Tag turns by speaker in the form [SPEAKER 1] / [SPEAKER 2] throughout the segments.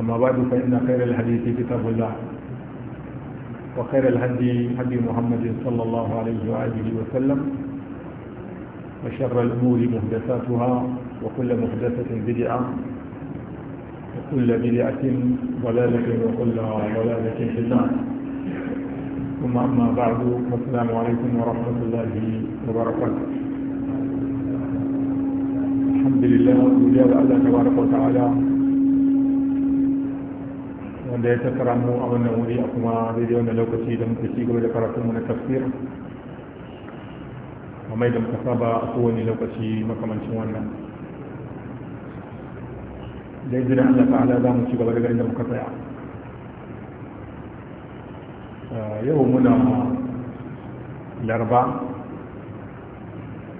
[SPEAKER 1] أما بعد فإن خير الحديث كتاب الله وخير الهدي هدي محمد صلى الله عليه وآله وسلم وشر الأمور محدثاتها وكل محدثة بدعة وكل بدعة ضلالة وكل ضلالة في النار ثم أما بعد السلام عليكم ورحمة الله وبركاته الحمد لله وجاب الله تبارك وتعالى wanda ya tattara mu a wannan wuri a kuma daidai wannan lokaci da muka ci gaba da karatun mu na tafsir mai da muka saba a kowane lokaci makamancin wannan da izinin Allah ta'ala za mu ci gaba daga inda muka tsaya eh, yau muna larba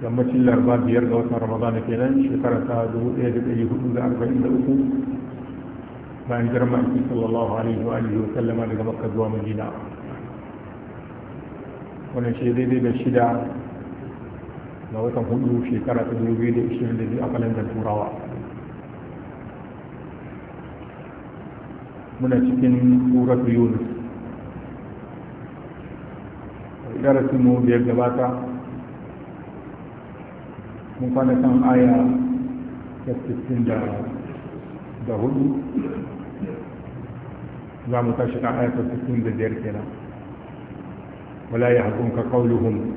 [SPEAKER 1] yammacin larba biyar ga watan ramadana kenan shekara ta uku. فان جرم صلى الله عليه واله وسلم لقد قدوا من جنا ونشيدي دي بشدا لو تقولوا في كرة الوبيد اشتري الذي اقل عند الفراوة من اشتين سورة يونس وإذا رسموا بي الجباتة مقالة آية تستندر دهود za mu tashi na ayatar sittin da biyar kenan wala ya hakun ka kauluhun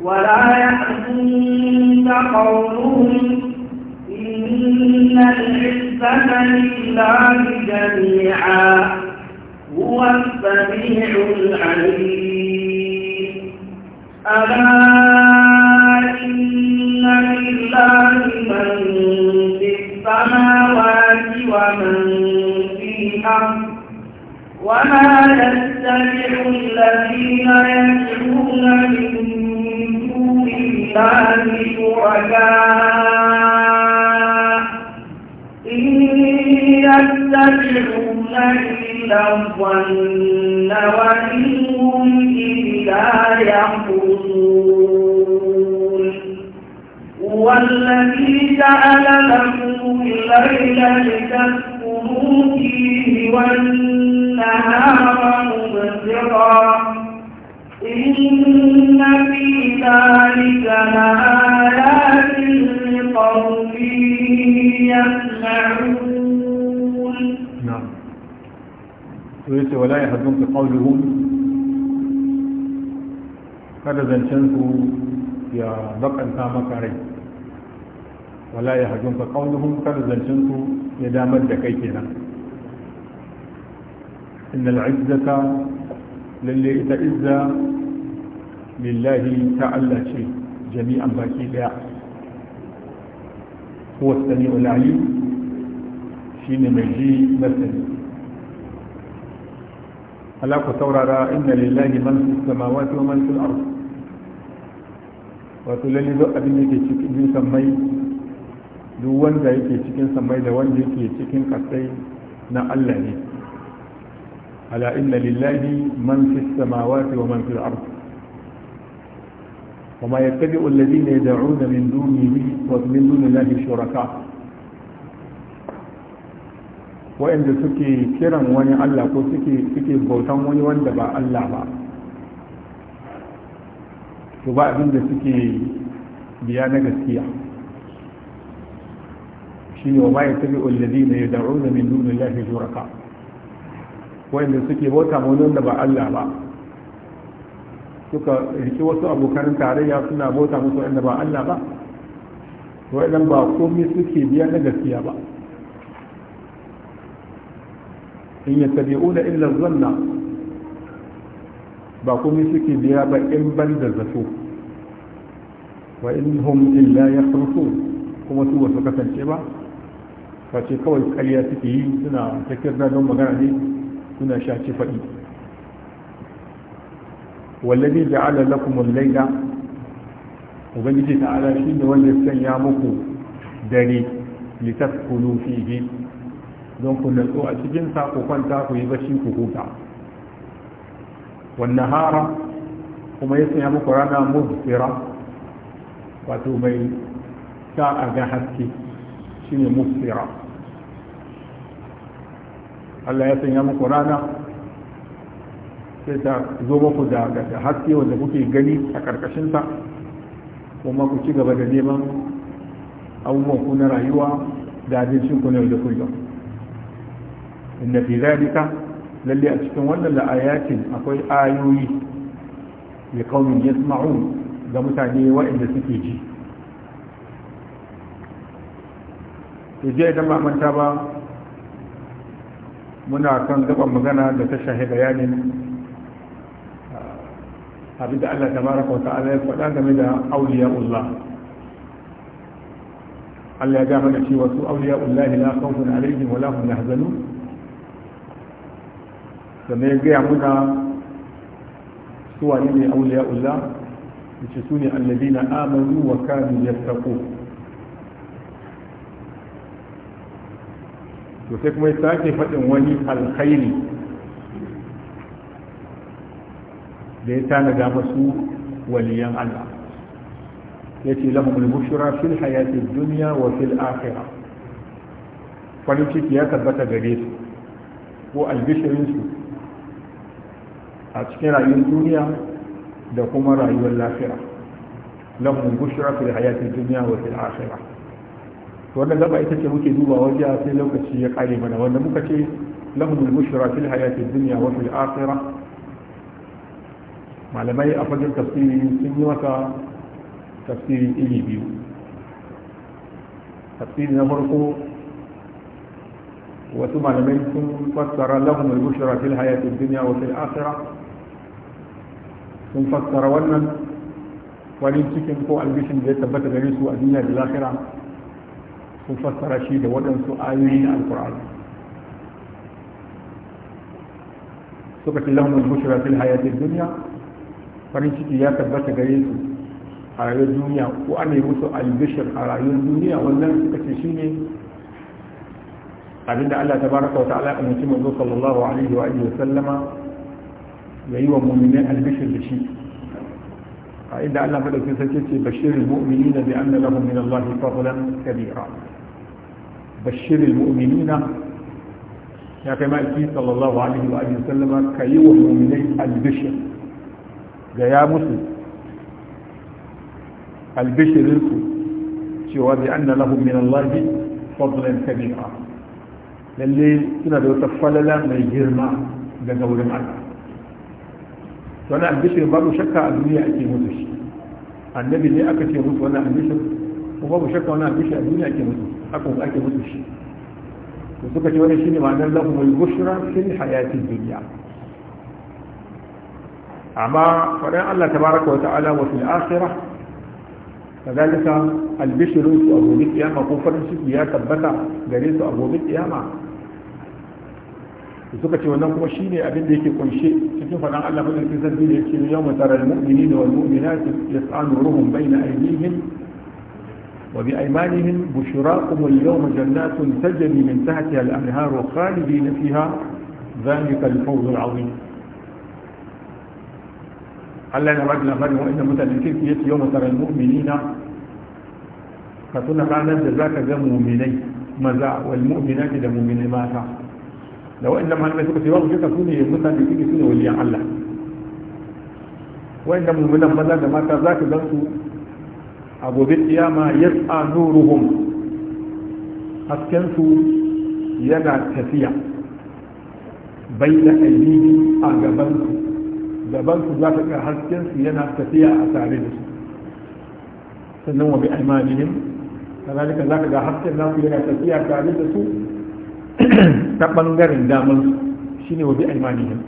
[SPEAKER 2] ولا يحزنك قولهم إن العزة لله جميعا هو السميع العليم ألا إن لله من في السماوات ومن وما يستمع الذين يدعون من دون الله شركاء إن يتبعون إلا الظن وإن هم إلا لا يحفظون هو الذي جعل لكم الليل لتسكنوا فيه والنهار مبصرا إن في ذلك لآيات لقوم يسمعون. نعم.
[SPEAKER 1] ولا يحزنك قولهم kada zancen su ya bakanta maka rai wala ya hajjun ka kaunuhun kada zancen su ya damar da kai kenan inna izzata lalle ita izza lillahi Allah ce jami'an baki daya huwa sami'ul Shi shine mai ji masani هلاك تورارا إن لله من في السماوات ومن في الأرض وتلل ذو أبن سمي ذو وان ذا يكي شكين سمي ذو وان ذا يكي شكين قصي نا الله لي على إن لله من في السماوات ومن في الأرض وما يتبع الذين يدعون من دونه ومن دون الله شركاء wa'anda suke kiran wani Allah ko suke suke bautan wani wanda ba Allah ba to ba abin da suke biya na gaskiya shi ne wa ma yattabi'u alladhina yad'una min dunillahi shuraka wa'anda suke bauta wani wanda ba Allah ba suka riki wasu abokan tarayya suna bauta musu wanda ba Allah ba wa'annan ba komai suke biya na gaskiya ba in yattabi'una illa zanna ba kuma suke biya ba in ban da zato wa in hum illa yakhrusun kuma su wasu kasance ba ce kawai karya suke yi suna ta kirna don magana ne suna shaci faɗi wallabi da? lakum al-layla ubangiji ta'ala shi ne wanda ya sanya muku dare litaskunu fihi don ku nutsu a cikin sa ku kwanta ku yi bashi ku huta wannan hara kuma ya sanya muku rana mubsira wato mai sa a ga haske shine mubsira Allah ya sanya muku rana sai ta zo muku da haske wanda kuke gani a karkashinsa kuma ku ci gaba da neman abubuwan ku na rayuwa da abincin ku na da kullum inna fi zalika lalle a cikin wannan la'ayatin akwai ayoyi ya kaunin ya ga mutane wa'inda suke ji ije idan manta ba muna kan gaban magana da ta shahi bayanin abinda allah tabaraka wa ta'ala ya faɗa game da auliya'ullah allah ya gama da cewa su auliya'ullahi na khawfun alaihim wa la hum yahzanun sannan ya gaya muna suwa ne ne auliya ulla da su ne allabi na amanu wa kanu ya tako to sai kuma ya sake faɗin wani alkhairi da ya tanada masu waliyan allah ya ce lahumul bushra fil hayati duniya wa fil akhirah farin ciki ya tabbata gare su ko albishirinsu a cikin rayuwar duniya da kuma rayuwar lafiya lahum bushra fi hayati duniya wa fil akhirah wannan gaba ita ce muke duba waje sai lokaci ya kare mana wanda muka ce lahum bushra fi hayati duniya wa fil akhirah malamai a fagen tafsiri sun yi maka tafsiri iri biyu tafsiri na farko wasu malamai sun fassara lahum gushira fil hayati duniya wa fil akhirah sun fassara wannan wani cikin ko albishin da ya tabbata gare su a duniya da lahira sun fassara shi da waɗansu ayoyi na alkur'ani suka ce lahumul bushra fil hayatid duniya farin ciki ya tabbata gare su a rayuwar duniya ko ana yi musu albishir a rayuwar duniya wannan suka ce shi shine abinda Allah ta baraka wa ta'ala ya umarci manzo sallallahu alaihi wa wa sallama ya yi wa mummune albishir da shi a inda Allah madaukin sarki ce bashirin mu'mini na bi anna lahum min Allah fadlan kabira bashirin mu'mini na ya kai ma'aiki sallallahu alaihi wa alihi sallama ka yi wa mummune albishir ga ya musu albishirinsu cewa bi anna lahum min Allah fadlan kabira lalle suna da wata falala mai girma daga wurin Allah wani albishir babu shakka a duniya ake mutu shi annabi ne aka ce mutu wani ambishin ko babu shakka wani ambishin a duniya ake mutu haka ake mutu shi to suka ce wani shine ma'anar lafi mai bushra fil hayatin duniya amma faɗin Allah tabaraka wa ta'ala wa fil akhirah kazalika albishru su abu bi kiyama ko farin ciki ya tabbata gare su abu bi kiyama suka ce wannan kuma shine abin da yake kunshe كيف قال الله قل لك يوم ترى المؤمنين والمؤمنات يسعى نورهم بين ايديهم وبايمانهم بشراكم اليوم جنات تجري من تحتها الانهار خالدين فيها ذلك الفوز العظيم قال لنا رجل من هو انما تلك يوم ترى المؤمنين فتنقى نفس ذاك ذا مؤمنين مزع والمؤمنات ذا مؤمنين ما تعصر لو ان لم هلمت في وقت تكوني مثلا تيجي سنه واللي يعلى وان لم منهم بدا ما تذاك ذنك ابو بيت يا ما يسعى نورهم اسكنت يدا كثيرا بين ايديهم اغبن زبنت ذاك حسكن يدا كثيرا اسارد سنوا بايمانهم كذلك ذاك حسكن ذاك يدا كثيرا اسارد ta ɓangaren damar shi ne wabi aimanihim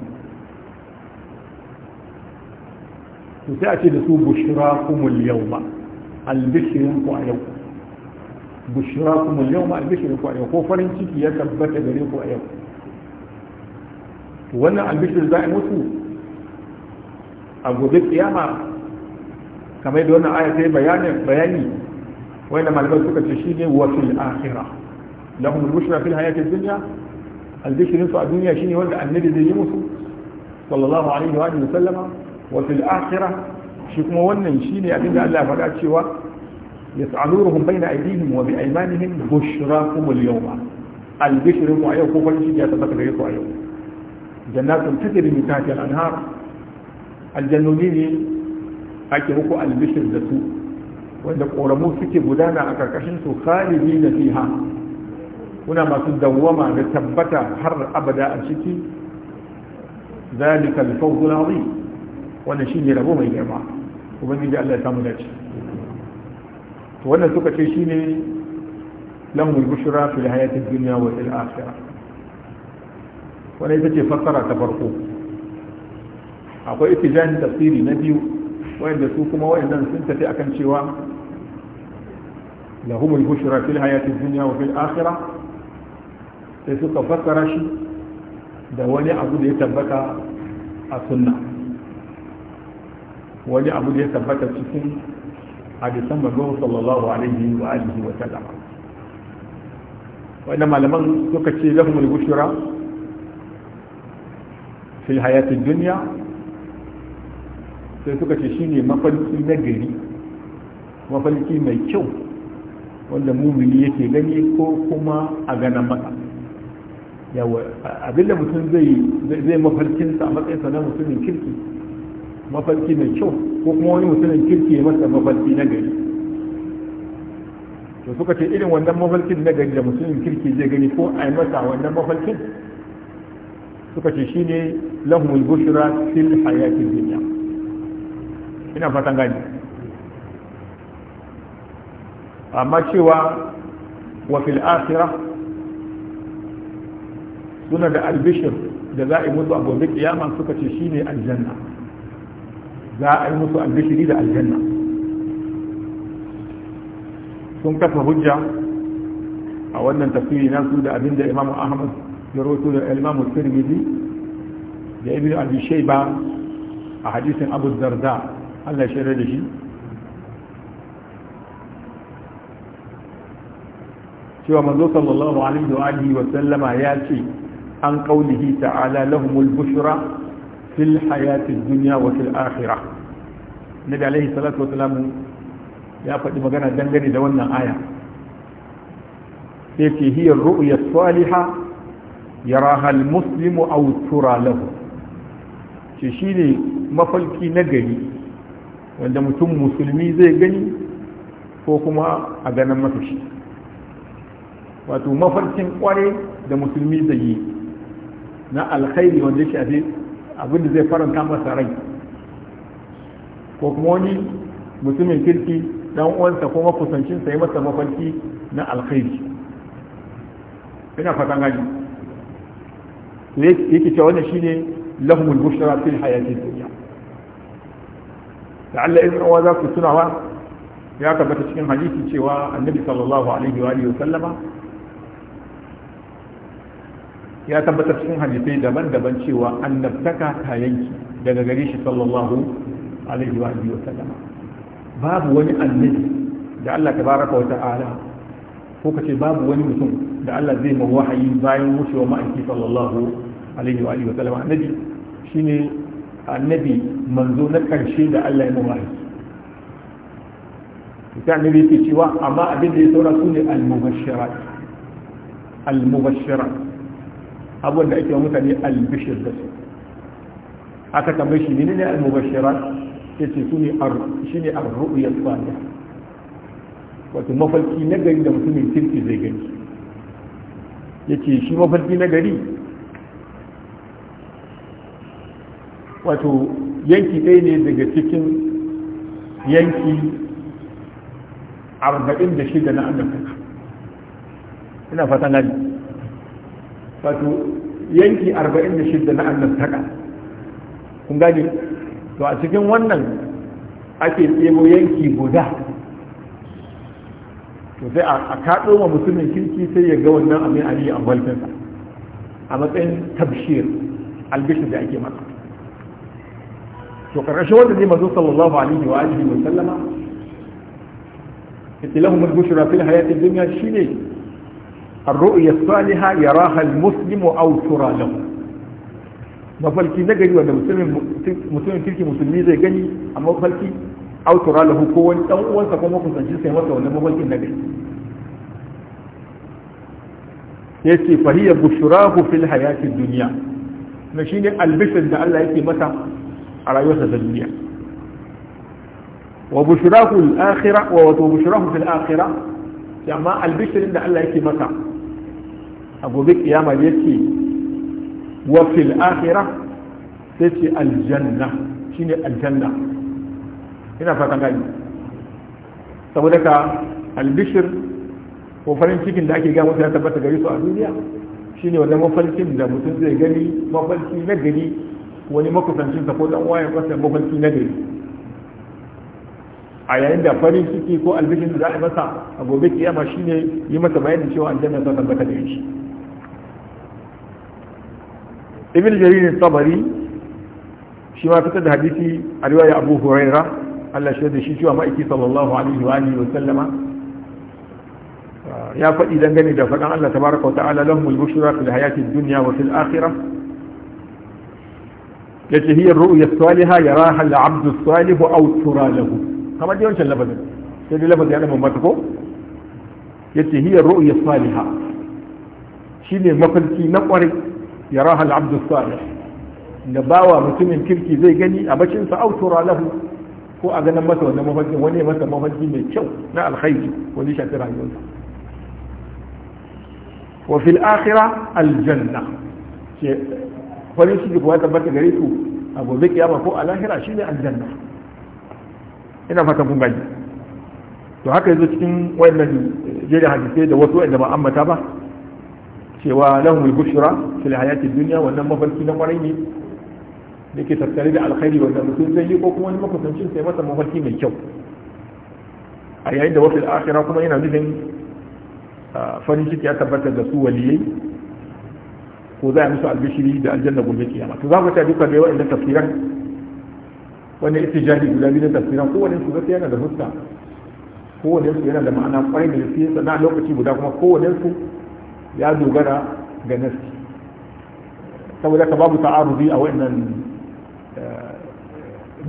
[SPEAKER 1] to sai a ce da su bushira kumul yau ma albishirin ku a yau bushira kumul yau ma albishirin ku a yau ko farin ciki ya tabbata gare ku a yau wannan albishirin za a mutu a gobe kiyama kamar yadda wannan ayatai bayani wanda malamar suka ce shi ne wasu fil akhirah lahum al-bushra fil hayati dunya albishirin su a duniya shi ne wanda annabi zai yi musu sallallahu alaihi wa sallama wasu al'akira. shi kuma wannan shi shine abinda Allah ya faɗa cewa yas'aluruhum baina aydihim wa bi aymanihim bushrakum al ba. albishirin ku a yau ko farin ciki ya tabbata gare ku a yau jannatun tajri min tahtiha al-anhar aljannoni ne ake muku albishir da su wanda ƙoramu suke gudana a ƙarƙashin su khalidi na fiha kuna masu dawwama da tabbata har abada a ciki zalika al-fawzul azim wannan shine rabo mai girma ubangiji Allah ya samu dace to wannan suka ce shine lamul bushra fi hayati dunya wa fil akhirah wannan ita ce fassara ta farko akwai ittijahin tafsiri na biyu wanda su kuma wayannan sun tafi akan cewa lahumul bushra fil hayati dunya wa fil akhirah sai suka fassara shi da wani abu da ya tabbata a sunna wani abu da ya tabbata cikin hadisan manzo sallallahu alaihi wa alihi wa sallam wannan malaman suka ce lahumul bushra fi hayatin duniya sai suka ce shine mafarki na gari mafarki mai kyau wanda mumini yake gani ko kuma a ganin maka yawa abinda mutum zai mafarkinsa a matsayinsa na mutumin kirki mafarki mai kyau ko kuma wani mutumin kirki ya masa mafarki na gari to suka ce irin wannan mafarkin na gari da mutumin kirki zai gani ko a yi masa wannan mafarkin suka ce shi ne lahumul bushra fil hayatin dunya ina fatan gani amma cewa wa fil akhirah suna da albishir da za a yi musu a gobe kiyama suka ce shine aljanna za a yi musu albishiri da aljanna sun kafa hujja a wannan tafsiri na su da abinda imam ahmad ya roto da imam tirmidhi da ibn abi ba a hadisin abu zarda Allah ya da shi cewa manzo sallallahu alaihi wa sallama ya ce an qawlihi ta'ala lahumul bushra fil hayati dunya wa fil akhirah nabi alaihi salatu ya faɗi magana dangane da wannan aya sai ce hiya ru'ya salihah muslimu almuslimu aw tura lahu ce shine mafalki na gari wanda mutum musulmi zai gani ko kuma a ganin masa shi wato mafarkin kware da musulmi zai yi na alkhairi wanda yake abin abinda zai faranta masa rai ko kuma wani mutumin kirki dan uwansa ko makusancin sa yi masa mafarki na alkhairi ina fatan gaji yake cewa wannan shine lahumul bushra fil hayatid dunya la'alla in wa za ku tunawa ya tabbata cikin hadisi cewa annabi sallallahu alaihi wa alihi wa sallama ya tabbatar cikin hadisai daban-daban cewa annabtaka ta yanki daga gare shi sallallahu alaihi wa alihi wasallam babu wani annabi da Allah tabaraka wa ta'ala ko kace babu wani mutum da Allah zai mawa wahayi bayan wucewa ma'aiki sallallahu alaihi wa alihi wasallam annabi shine annabi manzo na karshe da Allah ya mawa wahayi ita annabi yake cewa amma abin da ya saura su ne al-mubashshirat al-mubashshirat abubuwan da ake mutane albishir da su aka tambayi shi ne ne almubashira ya ce su ne shi ne arru'u ya tsada wato mafarki na gari da mutumin kirki zai gani ya ce shi mafarki na gari wato yanki ɗaya ne daga cikin yanki arba'in da shida na annabta ina fata na wato yanki 46 na annabtaka kun gani to a cikin wannan ake tsebo yanki guda to sai a kaɗo wa musulmin kirki sai ya ga wannan abin aliyu a balfinsa a matsayin tabshir albishir da ake masa to karkashin wanda zai mazo sallallahu alaihi wa alihi wa sallama ita lahu mulku shura fil hayati dunya shine الرؤية الصالحة يراها المسلم أو ترى له ما فالكي نجري وانا مسلم تلك مسلمي زي جني أما فالكي أو ترى له كون أو وانسا كون وقت سنجل سنوات وانا فالكي نجري يسي فهي بشراه في الحياة الدنيا نشيني البشر ده الله يسي متى على يوسف الدنيا وبشراه الآخرة وبشراه في الآخرة يعني ما البشر ده الله يسي متى a gobe kiyama yake wa fil akhirah sai ce aljanna shine aljanna ina fatan gani saboda ka albishir ko farin cikin da ake ga mutum ya tabbata gari su a duniya shine wannan mafarkin da mutum zai gani mafarki na gari wani makusancin sa ko dan waye kwasa mafarki na gari a yayin da farin ciki ko Albishir da za a masa a gobe kiyama shine yi masa bayani cewa aljanna ta tabbata da shi ibn jarir sabari shi ma fitar da hadisi a riwaya abu huraira Allah shi da shi cewa ma'aiki sallallahu alaihi wa alihi wa sallama ya faɗi dangane da faɗan Allah tabaraka wa ta'ala lahumul bushra fil hayatid dunya wa fil akhirah yace hiya ruya salihah yaraha al-'abdu as-salih aw tura lahu kamar dai wancan lafazin sai dai lafazin yana mamata ko yace hiya ruya salihah shine mafarki na kwarai ya rahal abdu salih da bawa mutumin kirki zai gani a bakinsa autura lahu ko a ganin masa wannan mafarkin wani masa mafarki mai kyau na alkhairi wani shafi rayuwarsa wa fil akhirah aljanna ce farin ciki kuwa tabbata gare su a gobe ko aljanna ina fatan kun gaji to haka yanzu cikin wayannan jerin hadisai da wasu wanda ba ambata ba cewa lahumul bushra fil hayati dunya wa lam mafarki na kwarai ne da tattare da alkhairi wanda mutum zai yi ko kuma wani makusancin sai masa mafarki mai kyau a yayin da wasu al'akira kuma yana nufin farin ciki ya tabbata da su waliyai ko za a musu albishiri da aljanna gobe kiyama to za ku ta duka da yawa inda tafsiran wani istijahi guda biyu na tafsiran kowane su zai yana da fuska kowane su yana da ma'ana kwarai da su gaske sannan lokaci guda kuma kowane su يا دوغنا جنس طب ده باب تعارضي او ان آه،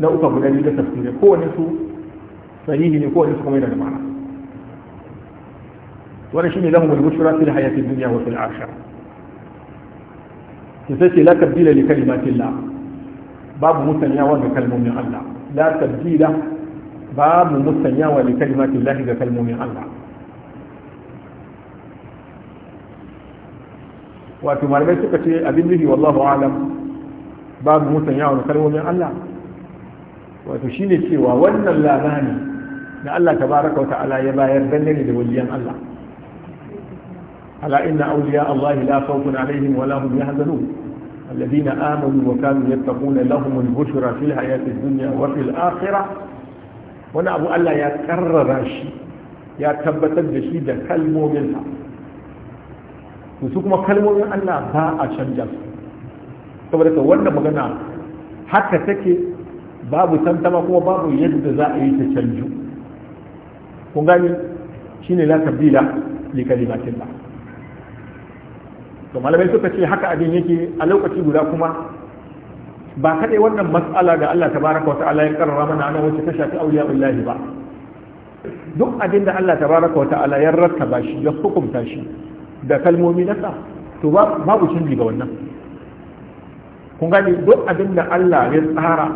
[SPEAKER 1] نقطه من اللي تفكيره هو نفسه صحيح ان هو نفسه كما ده معنى ولا شيء لهم البشرى في الحياة الدنيا وفي الآخرة كفاية لا تبديل لكلمات الله باب مستنيا وكلم من الله لا تبديل باب مستنيا لكلمات الله وكلم من الله wato malamai suka ce abin nufi wallahu alam babu mutan yawon kalmomin Allah wato shine cewa wannan labari da Allah tabaraka wa ta'ala ya bayar dangane da waliyan Allah ala inna awliya Allah la khawfun alaihim wa la wa yahzanun الذين آمنوا وكانوا يتقون لهم البشرى في الحياة الدنيا وفي الآخرة wani abu Allah ya karrara shi ya tabbatar da shi da kalmominsa to su kuma kalmomin Allah ba a canja su saboda ka wannan magana haka take babu tantama kuma babu yadda za a yi ta canju kun gani shine la tabdila li ba. to malamai suka ce haka abin yake a lokaci guda kuma ba kaɗai wannan mas'ala da Allah tabaraka wa ta'ala ya karrama mana ana wacce ta shafi auliya ba duk abin da Allah tabaraka wa ta'ala ya ba shi ya hukunta shi da kalmomi nasa to babu canji ga wannan kun gani duk abin da Allah ya tsara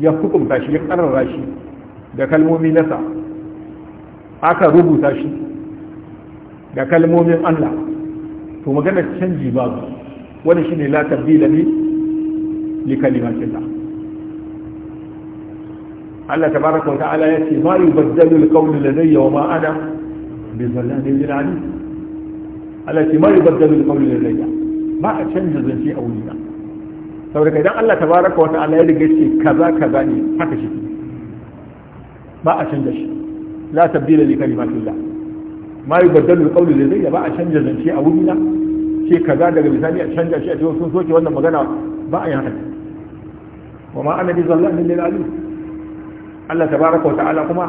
[SPEAKER 1] ya hukunta shi ya karara shi da kalmomi nasa aka rubuta shi da kalmomin Allah to magana canji babu wani shi ne la tabdila li li kalimatillah Allah tabaraka wa ta'ala yace ma yubaddalu al-qawlu ladayya wa ma ana bi zallamin lil alim Allah ce mai baddalu alqawli ladayya ba a canza zance a wurina saboda kai don Allah tabaraka wa ta'ala ya riga ce kaza kaza ne haka shi ba a canza shi la tabdila li kalimatillah ma yi yubaddalu alqawlu ladayya ba a canza zance a wurina ce kaza daga misali a canza shi a cikin sun soke wannan magana ba a yi haka wa ma ana bi zallamin lil alim Allah tabaraka wa ta'ala kuma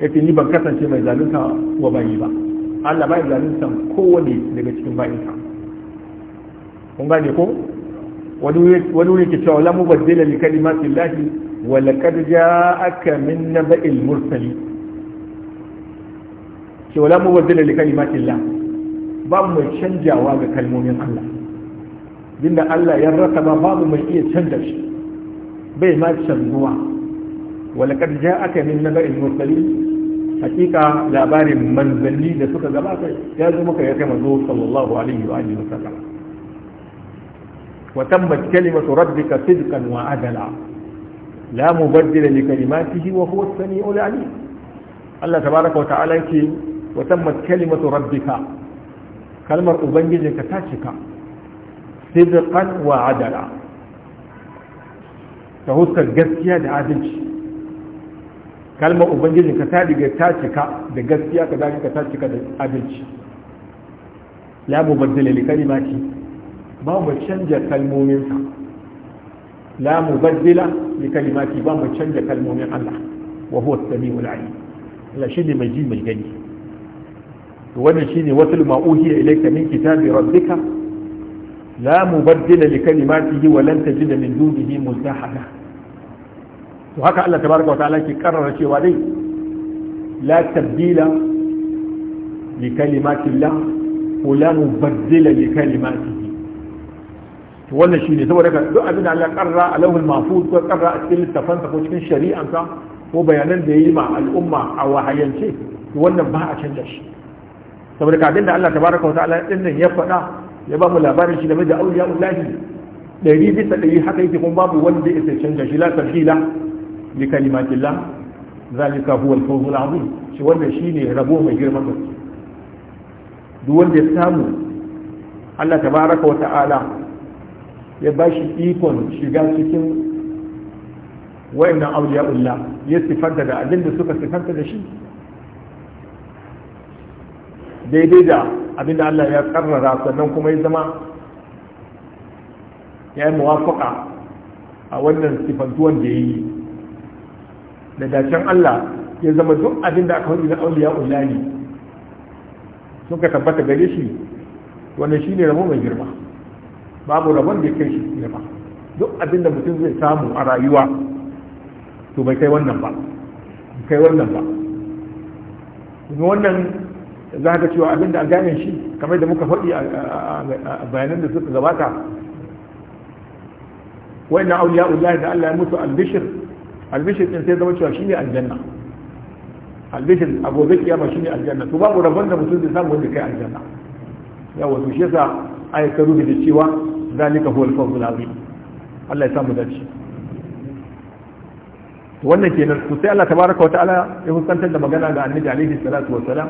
[SPEAKER 1] yace ni ban kasance mai zalunta wa bayi ba Allah ba zaluntan kowane daga cikin bayinsa kun gane ko wani wuri ke cewa wala la mubaddila li kalimati llahi wa laqad ja'aka min naba'il mursali cewa la mubaddila li kalimati llah babu mai canjawa ga kalmomin Allah dinda Allah ya raka ba babu mai iya canja shi bai ma canzuwa wa laqad ja'aka min naba'il mursali hakika labarin manzanni da suka gabata ya zo maka ya kai manzo sallallahu alaihi wa alihi wasallam wa tammat kalimatu rabbika sidqan wa adala la mubaddila li kalimatihi wa huwa as-sami'ul 'alim Allah tabaraka wa ta'ala yake wa tammat kalimatu rabbika kalmar ubangijinka ta cika sidqan wa adala ta huskar gaskiya da adalci kalmar Ubangiji, ka ta ta cika da gaskiya ka zalika ta cika da adalci mu mubaddala li kalimati ba mu canja kalmomin sa la mubaddala li kalimati ba mu canja kalmomin Allah wa huwa as-sami'ul 'alim Allah shine mai ji mai gani to wannan shine watul ma'uhiya ilayka min kitabi rabbika la mubaddila li kalimatihi wa lan tajida min dunihi multahada to haka Allah tabaraka wataala ke karrara cewa dai la tabdila li la, ko la mubaddila li kalimatihi to wannan shine saboda haka duk abin da Allah karra alawul mahfuz ko karra a cikin littafansa ko cikin shari'ansa ko bayanan da yayi ma al'umma a wahayance to wannan ba a canza shi saboda ka abin da Allah tabaraka wataala din nan ya faɗa ya ba mu labarin shi game da auliya ullahi ɗari bisa dari haka yake kuma babu wanda ya canza shi la tabdila bi kalimatillah zalika huwa al-fawz al-azim shi wannan shine rabo mai girman gaske duk wanda ya samu Allah tabaraka wa ta'ala ya bashi ikon shiga cikin wayannan awliya'ullah ya sifanta da abin da suka sifanta da shi daidai da abin da Allah ya karrara sannan kuma ya zama ya yi muwafaka a wannan sifantuwan da ya yi da dacen Allah ya zama duk abin da aka hudu na auliya ullahi sun ka tabbata gare shi wanda shi ne rabo mai girma babu rabon da kai shi girma duk abin da mutum zai samu a rayuwa to bai kai wannan ba kai wannan ba kuma wannan za ka cewa abin da a gane shi kamar da muka faɗi a bayanan da suka gabata wa'annan auliya ullahi da Allah ya mutu albishir albishir din sai zama cewa shine aljanna albishir a gobe kiyama shine aljanna to babu rabon da mutum zai samu wanda kai aljanna yawa to shi yasa ai ka rubuta da cewa zalika huwal fawzul azim Allah ya samu dace to wannan kenan to sai Allah tabaraka wataala ya hukuntar da magana ga annabi alaihi salatu wassalam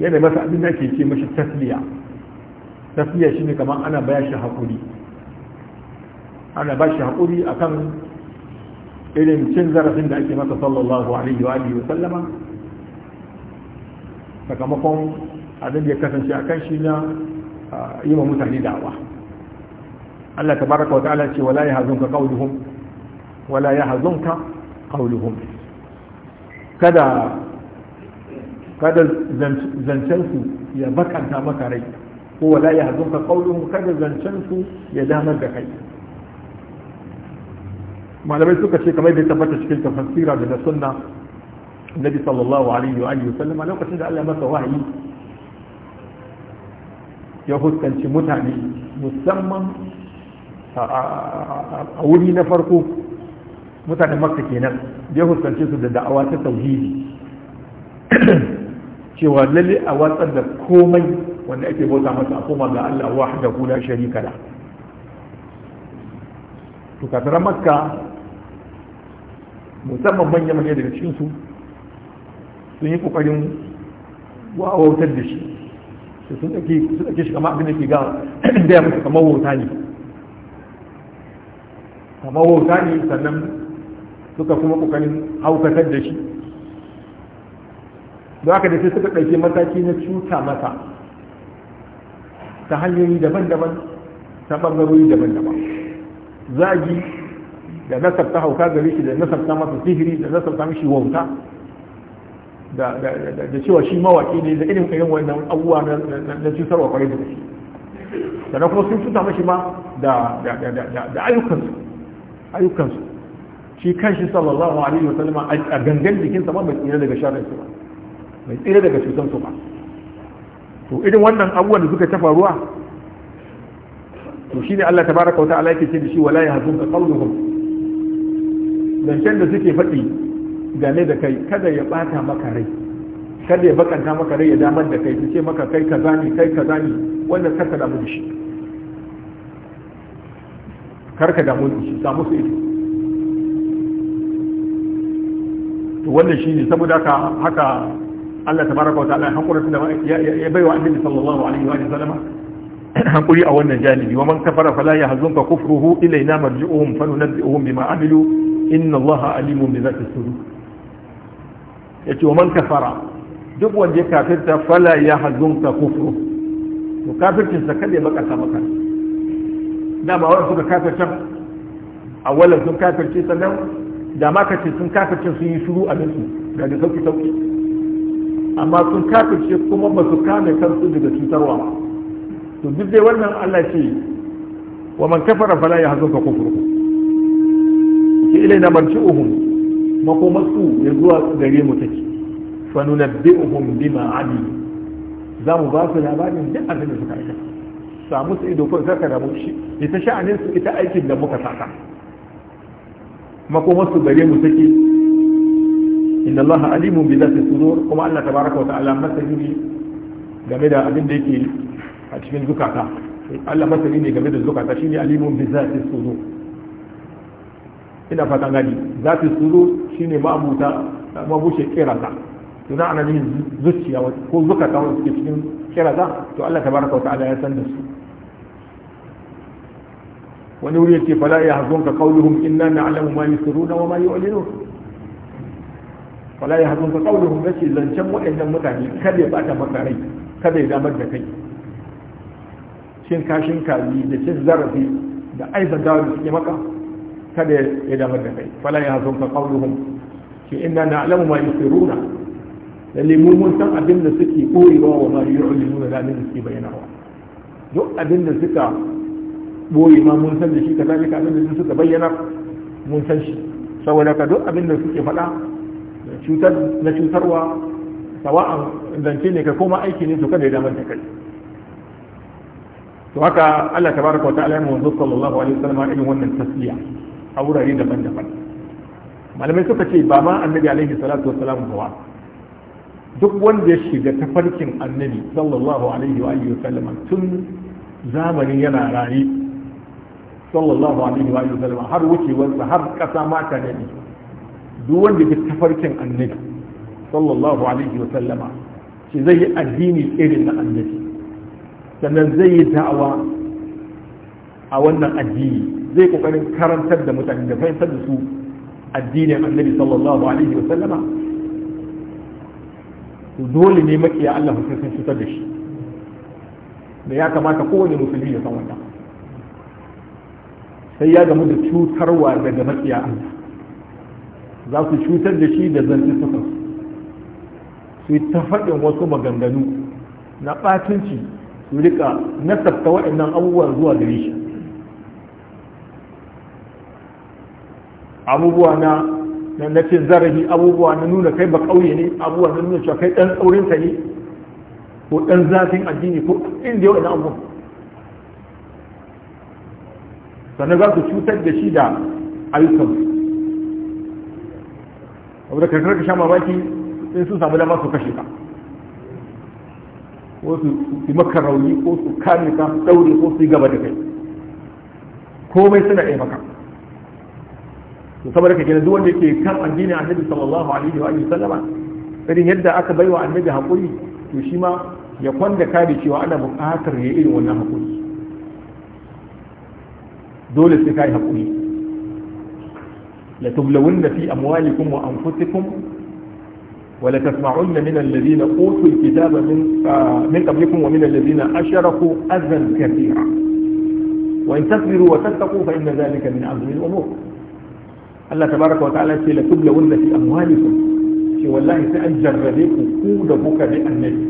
[SPEAKER 1] yana masa abin da ke ce mashi tasliya tasliya shine kamar ana baya shi hakuri ana ba shi hakuri akan irin cin zarafin da ake masa sallallahu alaihi wa alihi wasallama, sakamakon abin da ya kasance a kan shi na yi wa mutane da'awa Allah tabaraka wa ta'ala ce wala yahzunka qawluhum wala yahzunka qawluhum kada kada zancen ya bakanta maka rai ko wala ya yahzunka qawluhum kada zancensu ya damar da kai malamai suka ce kamar da tabbata cikin tafsira daga sunna nabi sallallahu alaihi wa alihi wasallam lokacin da Allah masa wahayi ya huskanci mutane musamman
[SPEAKER 3] a
[SPEAKER 1] wuri na farko mutanen makka kenan ya huskance su da da'awa ta tauhidi cewa lalle a watsar da komai wanda ake bauta masa a koma ga Allah wahdahu la sharika la tukatar makka musamman manya manya daga cikinsu sun yi kokarin wawautar da shi sun ɗauke shi kama abin da ke ga inda ya mutu kamar wauta ne kamar wauta ne sannan suka kuma kokarin haukatar da shi don haka da sai suka ɗauke mataki na cuta mata ta hanyoyi daban-daban ta ɓangarori daban-daban zagi da nasarta hauka gare shi da nasarta masa sihiri da nasarta mishi wauta da cewa shi mawaki ne da irin irin wannan abubuwa na cutarwa kwarai da shi sannan kuma sun cuta mashi ma da ayyukansu ayyukansu shi kan kanshi sallallahu alaihi wa sallama a gangan jikinsa ma mai tsira daga sharin su ba Mai tsira daga cutar su ba to irin wannan abubuwan da suka ta faruwa to shine Allah tabaraka wa ta'ala yake ce da shi wala yahzunka qawluhum zancen da suke faɗi game da kai kada ya ɓata maka rai kada ya bakanta maka rai ya damar da kai su ce maka kai kaza ne kai kaza ne wannan karka damu da shi karka damu da shi samu su ido to wannan shine saboda haka haka Allah tabaraka wa ta'ala hankuri da ya baiwa annabi sallallahu alaihi wa sallama hankuri a wannan janibi wa man kafara fala yahzunka kufruhu ilaina marji'uhum fa nunabbi'uhum bima amilu inna allaha alimun bi zati sudur yace wa man kafara duk wanda ya kafirta fala ya hazunka kufru to kafircin sa kada ya baka sa maka ba wannan suka kafirta awalan sun kafirce sannan da ma kace sun kafirce sun yi shiru a su daga sauki sauki amma sun kafirce kuma ba su kame kansu daga cutarwa ba to duk dai wannan Allah ce wa man kafara fala ya hazunka kufru ilaina marji'uhum makomarsu ya zuwa gare mu take fa nunabbi'uhum bima amilu za mu ba su labarin duk abin da suka aikata samu su ido kawai karka damu shi ita sha'anin su ita aikin da muka saka makomarsu gare mu take inna allaha alimun bi zati sudur kuma Allah tabaraka wa ta'ala masani ne game da abin da yake a cikin zukata Allah masani ne game da zukata shine alimun bi zati sudur ina fatan gani za su suru shine ma'abuta mabushe kirasa to za ana yin zuciya ko zukata wanda suke cikin kirasa to Allah tabaraka wa ta'ala ya san da su wani wuri yace fala ya hazunka qawluhum inna na'lamu ma yusiruna wa ma yu'linun fala ya hazunka qawluhum yace zancen waɗannan mutane kada ya bata maka rai kada ya damar da kai shin kashin kaji da cin zarafi da aibanta da suke maka kada ya damar da kai fala ya hazo ka qauluhum ki inna na'lamu ma yusiruna lalle mu mun san abin da suke koyewa wa ma yu'linuna da abin da suke bayyanawa duk abin da suka boye ma mun san da shi ka zalika abin da suka bayyana mun san shi saboda ka duk abin da suke faɗa cutar na cutarwa sawa'an zance ne ka koma aiki ne to kada ya damar da kai to haka Allah tabaraka wa ta'ala ya manzo sallallahu alaihi wasallam irin wannan tasliya a wurare daban-daban malamai suka ce ba ma annabi alaihi salatu wassalam ba duk wanda ya shiga tafarkin annabi sallallahu alaihi wa alihi wasallam tun zamanin yana rayi sallallahu alaihi wa alihi wasallam har wucewarsa har kasa mata ne duk wanda ya tafarkin annabi sallallahu alaihi wa sallama shi zai yi addini irin na annabi sannan zai yi da'awa a wannan addini zai kokarin karantar da mutane da fahimtar da su addinin annabi sallallahu alaihi wa sallama dole ne makiya Allah sai sun cutar da shi da ya kamata kowane musulmi ya san wannan sai ya gamu da cutarwa daga makiya Allah za su cutar da shi da zance suka su yi ta faɗin wasu maganganu na ɓatunci su rika nasabta waɗannan abubuwan zuwa gare shi abubuwa na na cin zarafi abubuwa na nuna kai ba kauye ne abubuwa na nuna cewa kai dan tsaurin ka ne ko dan zafin addini ko inda yau ina abu sannan za su cutar da shi da ayyukan abu da karkar ka sha mamaki in sun samu dama su kashe ka ko su yi maka rauni ko su kame ka daure ko su yi gaba da kai komai suna iya maka saboda kake duk wanda yake kan addinin annabi sallallahu alaihi wa sallama irin yadda aka baiwa annabi hakuri to shi ma ya kwanda kare cewa ana buƙatar ya irin wannan hakuri dole sai kai hakuri la tublawunna fi amwalikum wa anfusikum wa la tasma'unna min alladhina utul kitaba min min qablikum wa min alladhina ashraku adhan kathira wa in tasbiru wa tattaqu fa inna dhalika min azmi al-umur Allah tabaraka wa ta'ala ce la tublawunna fi amwalikum ce wallahi sai an jarrabe ku ku da kuka bi annabi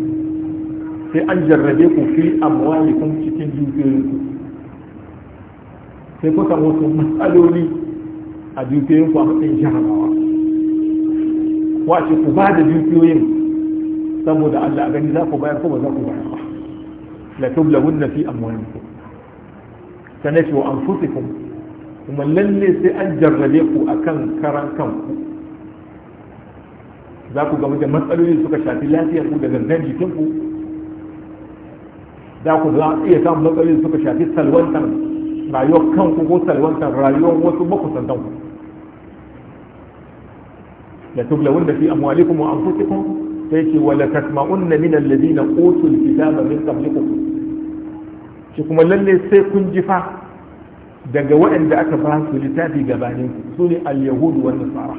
[SPEAKER 1] sai an jarrabe ku fi amwalikum cikin dukiyoyinku sai kuka wasu matsaloli a dukiyoyinku a matsayin jarabawa wace ku ba da dukiyoyin saboda Allah a gani za ku bayar ko ba za ku bayar ba la tublawunna fi amwalikum sanatu anfusikum kuma lalle sai an jarrabe ku akan karan kanku za ku gamu da matsaloli suka shafi lafiyar ku da gangan jikin ku za ku za iya samun matsaloli suka shafi salwantar rayuwar kanku ko salwantar rayuwar wasu makusantan ku la tublawun fi amwalikum wa anfusikum sai ce wala tasma'unna min alladhina utul kitaba min qablikum shi kuma lalle sai kun ji fa daga waɗanda aka ba su littafi gabanin su ne al-yahudu wa nasara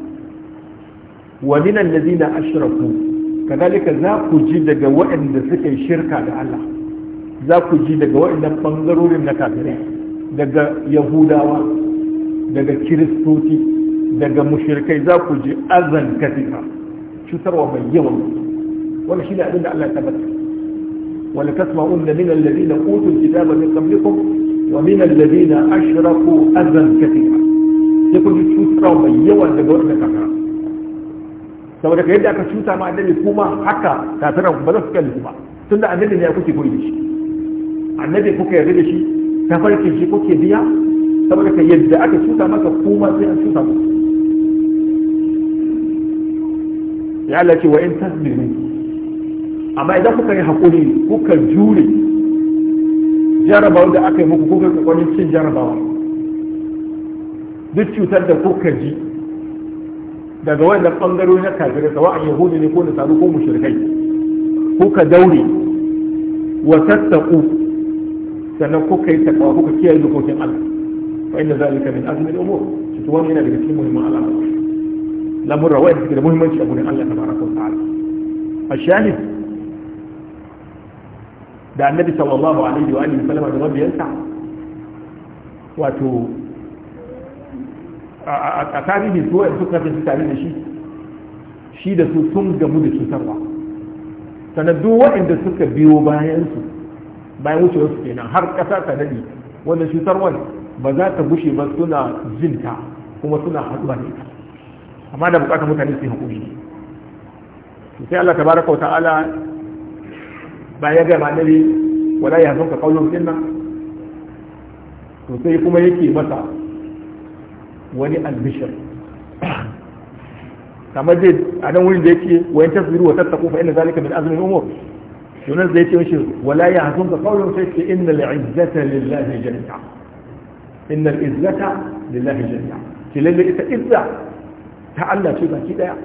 [SPEAKER 1] wa min allazina ashraku kadalika za ku ji daga waɗanda suke shirka da Allah za ku ji daga waɗannan bangarorin na kafirai daga yahudawa daga kiristoci daga mushrikai za ku ji azan kafifa cutarwa mai yawan wannan shine abin da Allah ya tabbata wala tasma'un min alladhina utul kitaba min qablikum ومن الذين أشركوا أذى كثيرا يكون cutarwa mai yawan daga wanda kafara saboda yadda aka cuta ma annabi kuma haka kafiran ba za su kalli kuma tunda annabi ne ya kuke koyi da shi annabi kuka yarda da shi ta farkin shi kuke biya saboda yadda aka cuta maka kuma sai an cuta muku ce wa amma idan kuka yi hakuri kuka jure jarabawar da aka yi muku kuka kokarin cin jarabawa duk cutar da kuka ji daga wannan ɓangarori na kafirai sawa'an yahudi ne ko nasara ko mushrikai kuka daure wa tattaku sannan kuka yi takawa kuka kiyaye dokokin Allah fa inna zalika min azmi al-umur shi wannan yana daga cikin muhimman al'amura lamurra wa'anda suke da muhimmanci a gurin Allah tabaraka wa ta'ala a shahid da annabi sallallahu alaihi wa alihi sallama da mabiyansa wato a tarihi su yanzu kafin su tare da shi shi da su sun gamu da cutarwa sannan duk waɗanda suka biyo bayansu bayan wucewar su kenan har ƙasa ta dade wanda cutarwar ba za ta bushe ba suna zinta kuma suna haɗuwa da ita amma da bukatar mutane su yi haƙuri sai Allah tabaraka wa ta'ala bayan ya gaya ma annabi wala ya zunka kaulun din nan to sai kuma yake masa wani albishir kamar dai a nan wurin da yake wayan tasbiru wa tattaqu fa inna zalika min azmi al-umur yunan zai ce mishi wala ya hazunka kaulun sai ce inna al-izzata lillahi jami'a inna al-izzata lillahi jami'a ki lalle ita izza ta Allah ce baki daya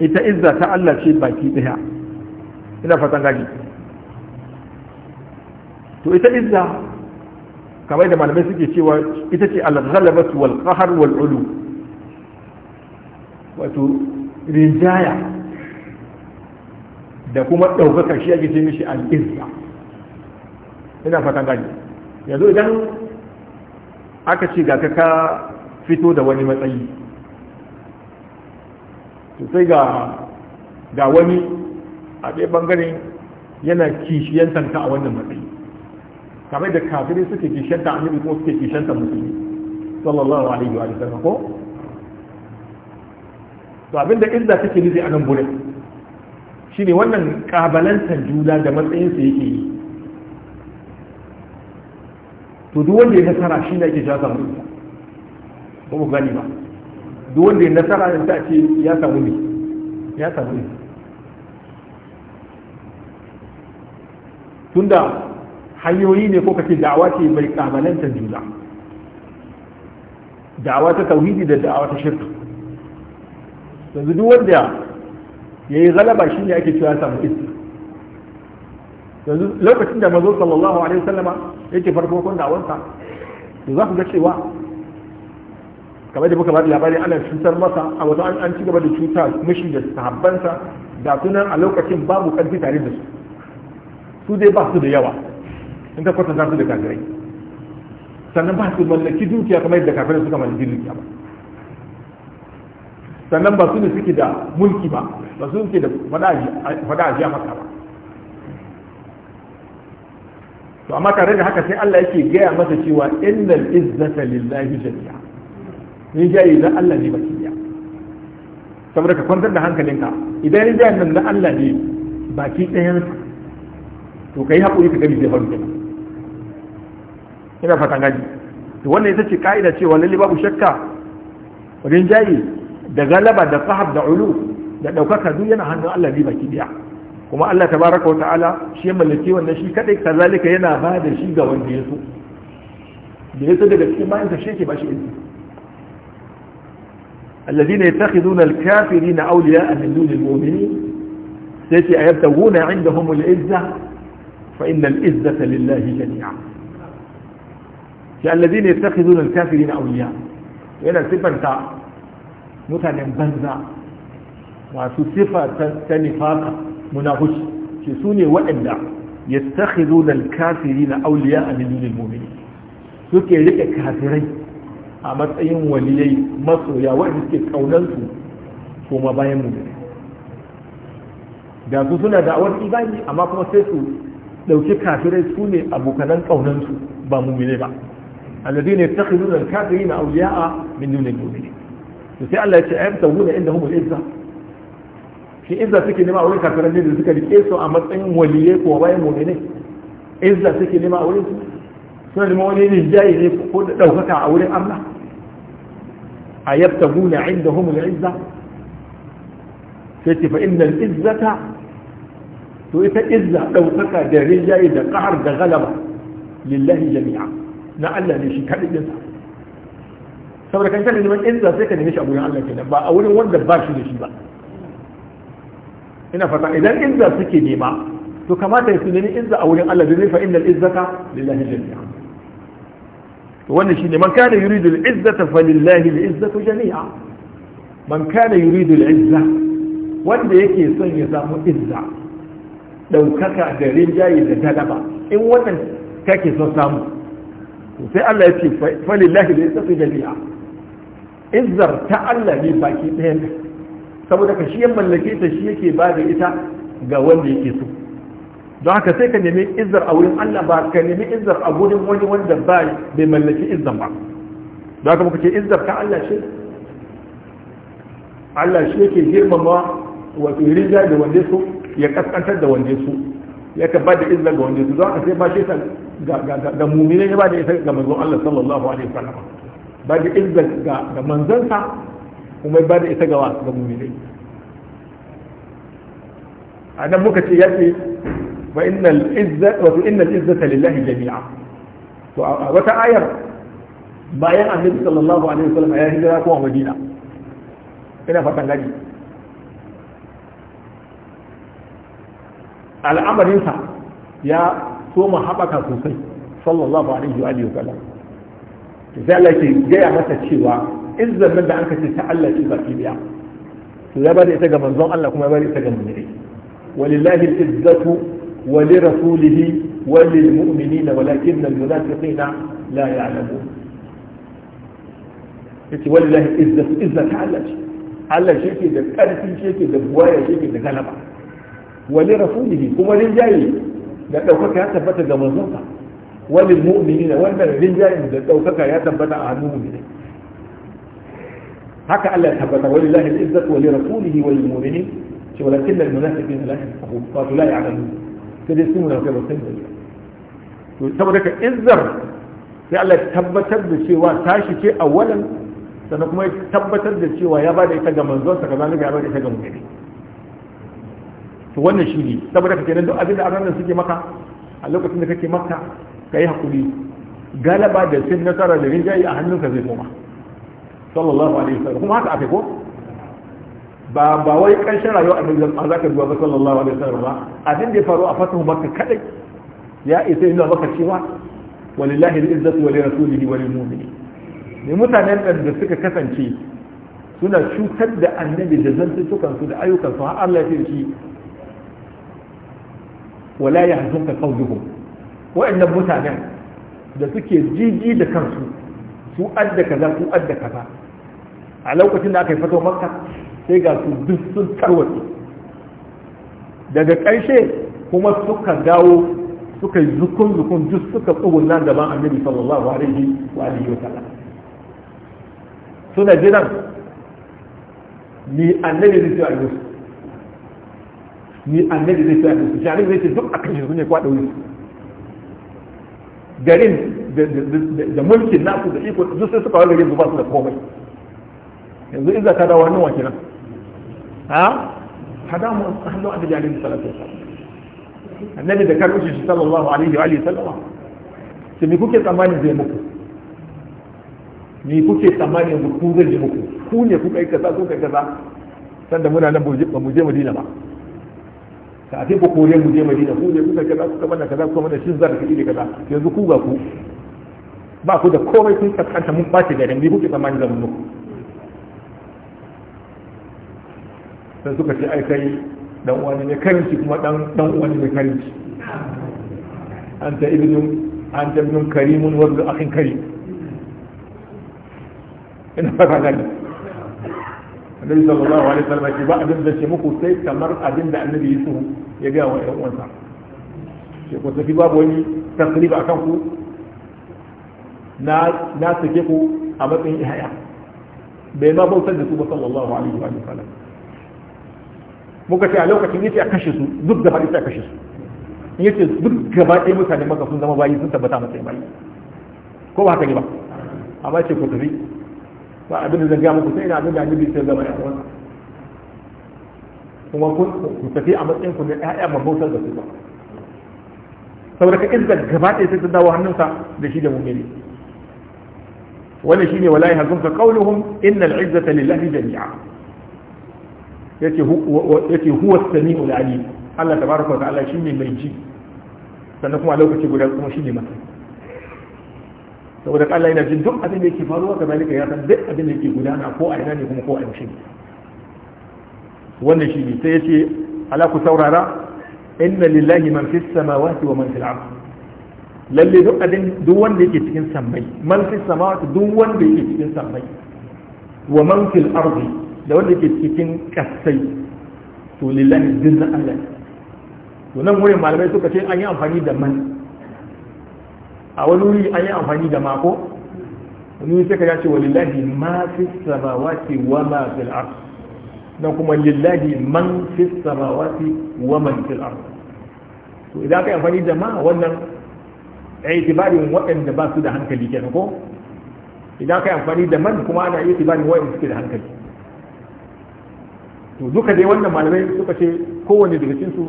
[SPEAKER 1] ita izza ta Allah ce baki daya ina fatan gaji to ita izza kamar da malamai suke cewa ita ce al-ghalabatu wal qahr wal ulu wato rinjaya da kuma ɗaukaka shi ake ce mishi al-izza ina fatan gaji yanzu idan aka ce ga ka fito da wani matsayi to sai ga wani a ɗaya ɓangare yana kishiyantar ta a wannan matsayi kamar da kafiri suke kishiyanta annabi kuma suke kishiyanta musulmi sallallahu alaihi wa sallam ko to abinda izza take nufi a nan gurin shine wannan kabalantar juna da matsayin sa yake yi to duk wanda ya nasara shi ne ake ja samu ita ba mu gani ba duk wanda ya nasara ya ce ya samu ne ya samu ne tunda hanyoyi ne ko kace da'awa ce mai kamalantar juna da'awa ta tauhidi da da'awa ta shirka yanzu duk wanda ya yi galaba shi ne ake cewa samu iska yanzu lokacin da mazo sallallahu alaihi wasallama yake farko kun da'awansa to za ku ga cewa kamar da muka bada labari ana cutar masa a wata an ci gaba da cuta mishi da sahabbansa da sunan a lokacin babu karfi tare da su su dai ba su da yawa in ka kwatanta su da kafirai sannan ba su mallaki dukiya kamar yadda kafirai suka mallaki dukiya ba sannan ba su ne suke da mulki ba ba su suke da fada ajiya maka ba to amma tare da haka sai Allah yake gaya masa cewa innal izzata lillahi jami'a ni jayi da Allah ne baki ya saboda ka kwantar da hankalinka idan ni jayi nan da Allah ne baki dayan to kai hakuri ka gani jefa duka ina fatan gani to wannan ita ce ka'ida wannan liba ku shakka jayi da galaba da sahab da ulu da ɗaukaka duk yana hannun Allah ne baki daya kuma Allah tabaraka wa ta'ala shi ya mallake wannan shi kadai kazalika yana ba da shi ga wanda ya so da ya so daga cikin bayan ta sheke ba shi ilmi الذين يتخذون الكافرين أولياء من دون المؤمنين سيتي أيبتغون عندهم العزة فإن الإزة لله جميعا في الذين يتخذون الكافرين أولياء وإن سفا انت مثلا بنزا وعسو سفا تنفاق مناهش في سوني وإن يتخذون الكافرين أولياء من دون المؤمنين سوكي لك كافرين أمس أيهم وليي مصر يا وإن سكي كوننتو وما باين مؤمنين da su suna da'awar ibani amma kuma sai su dauki kafirai su ne abokanan kaunansu ba mumine ba alladhi ne ta khidu da kafirin auliya'a min nuna mumine to sai Allah ya ce ayyanta wuna inda humul izza shi izza suke nema a wurin kafiran ne da suka rike su a matsayin waliye ko bayan mumine izza suke nema a wurin su suna nema wani ne jayi ne ko da daukaka a wurin Allah ayyanta wuna inda humul izza sai ce fa innal izzata to ita izza ɗaukaka da rinjaye da ƙahar da galaba lillahi jami'a na Allah ne shi kaɗai ɗinsa saboda kan kan neman izza sai ka nemi shi a gurin Allah kenan ba a wurin wanda ba shi da shi ba ina fata idan izza suke nema to kamata su nemi izza a wurin Allah domin fa innal izzata lillahi jami'a to wannan shine man kana yuridu al-izzata falillahi al-izzatu jami'a man kana yuridu al-izza wanda yake son ya samu izza ɗaukaka da rinjaye da talaba in wannan kake son samu sai Allah ya ce falillahi da ya tsafi jami'a izzar ta Allah ne baki ɗayan saboda ka shi ya mallake ta shi yake ba da ita ga wanda yake so don haka sai ka nemi izzar a wurin Allah ba ka nemi izzar a wurin wani wanda ba bai mallaki izzar ba don haka muka ce izzar ta Allah shi Allah shi yake girmama wato rinja da wanda so ya kaskantar da wanda su ya ka da izza ga wanda su za a sai ba shi ta ga mumine ya da isa ga manzon Allah sallallahu alaihi wasallam ba da izza ga ga manzansa kuma ba da isa ga ga mumine a nan muka ce ya ce, wa innal izza wa innal izzata lillahi jami'a to a wata ayar bayan annabi sallallahu alaihi wasallam ya hijira kuma Madina ina fatan gani al'amarinsa ya soma haɓaka sosai sallallahu alaihi wa alihi wa sallam sai Allah ke gaya masa cewa izzan nan da aka ce ta Allah ce baki daya to ya bada ita ga manzon Allah kuma ya bada ita ga mu'mini walillahi izzatu wa li rasulihi wa lil mu'minina walakinna al munafiqina la ya'lamun yace walillahi izzatu izzatu Allah ce Allah shi ke da ƙarfi shi ke da buwaya shi ke da galaba wali rasulihi kuma rinjaye da ɗaukaka ya tabbata ga manzonsa wali mu'minina wannan rinjaye da ɗaukaka ya tabbata a hannun mu'minai haka Allah ya tabbata wali lahi al-izzatu wali rasulihi wali mu'minin ce walakin da munafiqin la yafqahu wa la ya'lamun sai dai su munafiqai ba san dalili to saboda ka izzar sai Allah ya tabbatar da cewa tashi ce a awalan sannan kuma ya tabbatar da cewa ya ba da ita ga manzonsa kaza ne ya da ita ga mu'mini to wannan shi ne saboda kake nan duk abin da arnan suke maka a lokacin da kake maka ka yi hakuri galaba da cin nasara da rinjayi a hannunka zai koma sallallahu alaihi wasallam kuma haka aka ko ba ba wai karshen rayuwa a zan za ka duba ba sallallahu alaihi wasallam ba abin da ya faru a fatahu makka kadai ya isa inda maka cewa walillahi al-izzatu wa li rasulihi wa lil mu'minin ne mutanen da suka kasance suna cutar da annabi da zantukan su da ayyukan su har Allah ya ce wala ya hasunka kaujuhum wa'annan mutanen da suke jiji da kansu su adda kaza su adda kaza a lokacin da aka yi fato makka sai ga su duk sun tarwatsu daga ƙarshe kuma suka dawo suka yi zukun zukun duk suka nan gaban annabi sallallahu alaihi wa alihi wa sallam suna jiran ni annabi zai ce a yusuf ni annabi zai tsaya musu shari'a zai ce duk a kashe su ne kwa wuri garin da mulkin nasu da iko duk sai suka wani ba su da komai yanzu in za ka dawo wannan wake nan ha hada mu hannu a dajalin salatu annabi da karɓi shi sallallahu alaihi wa sallama sai me kuke tsammanin zai muku me kuke tsammanin ku zai muku ku ne kuka yi kaza kuka kaza sanda muna nan ba mu je madina ba kafin ku kore mu je madina ku ne kuka kaza kuka mana kaza kuma mana shin zaka kike kaza yanzu ku ga ku ba ku da komai kun kaskanta mun bace garin ni kuke tsammani zaman muku sai suka ce ai kai dan uwa ne karinci kuma dan dan uwa ne karinci anta ibnu anta ibnu karimun wa akhin karim ina ba gani annabi sallallahu alaihi wasallam ce ba abin da ce muku sai kamar abin da annabi suhu ya ga wa ɗan uwansa ke ko tafi babu wani tasiri ba ku na na sake ku a matsayin ihaya bai ma bautar da su ba sallallahu alaihi wa sallam muka ce a lokacin yace a kashe su duk gaba ɗaya a kashe su yace duk gaba ɗaya mutane maka sun zama bayi sun tabbata matsayin bayi ko ba haka ne ba amma ce ku tafi ba abin da zanga muku sai ina abin da annabi sai zama ya wani kuma ku tafi a matsayin ku ne ƴaƴa mabautar da su ba saboda ka izza gaba ɗaya sai ta dawo hannunsa da shi da mu'mini wannan shine wala yahzunka qawluhum innal izzata lillahi jami'a yace huwa yace huwa as-sami'ul alim Allah tabaraka wa ta'ala shine mai ji sannan kuma a lokaci guda kuma shine masani saboda Allah yana jin duk abin da yake faruwa ga malika ya san duk abin da yake gudana ko a ina ne kuma ko a yaushe wannan shi ne sai ya ce ala ku saurara inna lillahi man fis samawati wa man fil ard lalle duk abin duk wanda yake cikin samai, man fis samawati duk wanda yake cikin samai wa man fil ard da wanda yake cikin kasai to lillahi dinna Allah to nan wurin malamai suka ce an yi amfani da man a wani wuri an yi amfani da mako wani sai ka yace walillahi ma fi samawati wa ma fil ard na kuma lillahi man fi samawati wa man fil ard to idan ka yi amfani da ma wannan itibarin waɗanda ba su da hankali kenan ko idan ka yi amfani da man kuma ana itibarin waɗanda suke da hankali to duka dai wannan malamai suka ce kowane daga cikin su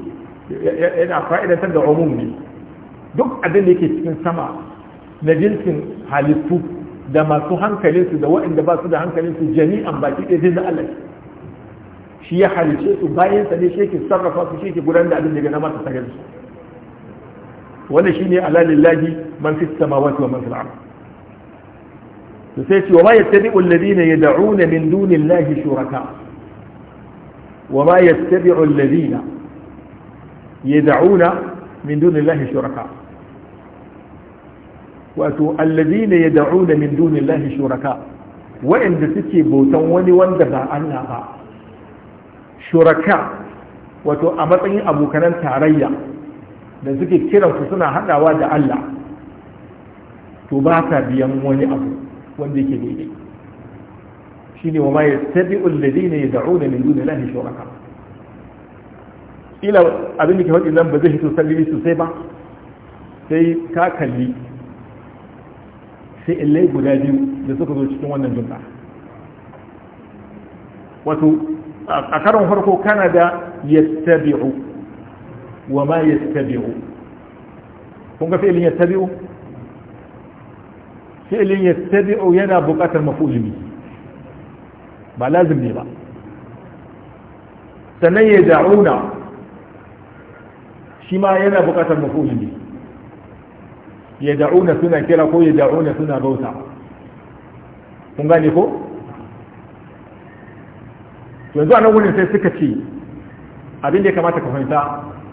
[SPEAKER 1] yana fa'idantar da umum ne duk abin da yake cikin sama na jinsin halittu da masu hankalinsu da waɗanda ba su da hankalinsu jami'an baki ɗaya da Allah shi ya halice su bayan sa ne shi sarrafa su shi gudanar da abin da gana masa sagar su wannan shine alalillahi man fi wasu wa man fil ard to sai ce wa ma yattabi'u alladhina yad'una min dunillahi shuraka wa ma yattabi'u alladhina yad'una min dunillahi shuraka wato ya allazina da min dunillahi shuraka wa'anda suke bautan wani wanda ba Allah ba shuraka wato a matsayin abokanan tarayya da suke kiran su suna hadawa da Allah to ba ta biyan wani abu wanda yake daidai shine wa ma ya allazina da min dunillahi shuraka ila abin da ke faɗi nan ba zai hito sallili sosai ba sai ka kalli illai guda biyu da suka zo cikin wannan jumla wato a karon farko kana da yattabi'u wa ma yattabi'u kun ga fi'ilin yattabi'u fi'ilin yattabi'u yana buƙatar mafulimi ba lazim ne ba sannan ya da'una shi ma yana buƙatar mafulimi ya da'una suna kira ko ya da'una suna bauta kun gane ko yanzu a nan wurin sai suka ce abin da ya kamata ka fahimta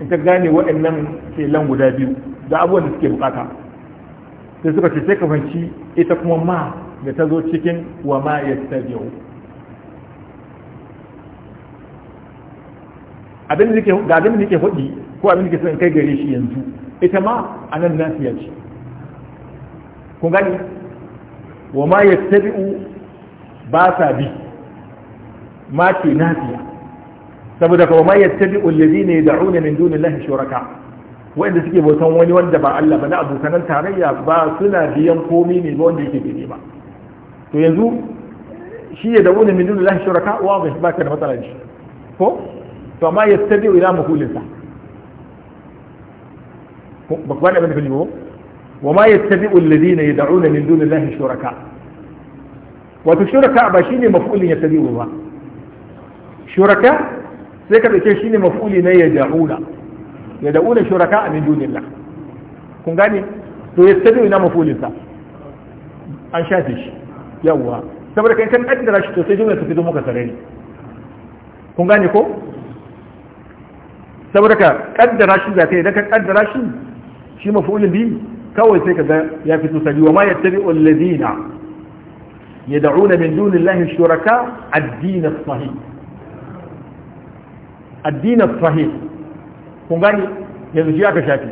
[SPEAKER 1] in ka gane waɗannan kelan guda biyu da abubuwan da suke bukata sai suka ce sai ka fahimci ita kuma ma da ta zo cikin wa ma ya tabi'u abin da ke abin da hudi ko abin da ke son kai gare shi yanzu ita ma anan nasiya ce Ku gani wa ma tabi'u ba sa bi ma ke nafiya saboda ka wa ma ne alladhina yad'una min lahi shuraka wanda suke bautan wani wanda ba Allah ba na abokanan tarayya ba suna biyan komi ne ba wanda yake bene ba to yanzu shi ya da'una min lahi shuraka wa ba ka da matsala shi ko to amma tabi'u ila mahulinsa ba ku abin da kuke ba وما يتبع الذين يدعون من دون الله شركاء وتشركاء باشيني مفعول يتبع الله شركاء سيكر تشيني مفعول يدعون يدعون شركاء من دون الله كن قالي تو يتبع لنا مفعول انسا انشاتش يوا سبرك ان كان ادنى راشد تسجل لك في دموك سريني كن كو سبرك ادنى راشد ذاتي لك ادنى راشد شي مفعول بيه kawai sai ka ga ya fito sari wa ma yattabi'u alladhina yad'una min dunillahi shuraka ad-din as-sahih ad-din as kun gani yanzu shi aka shafi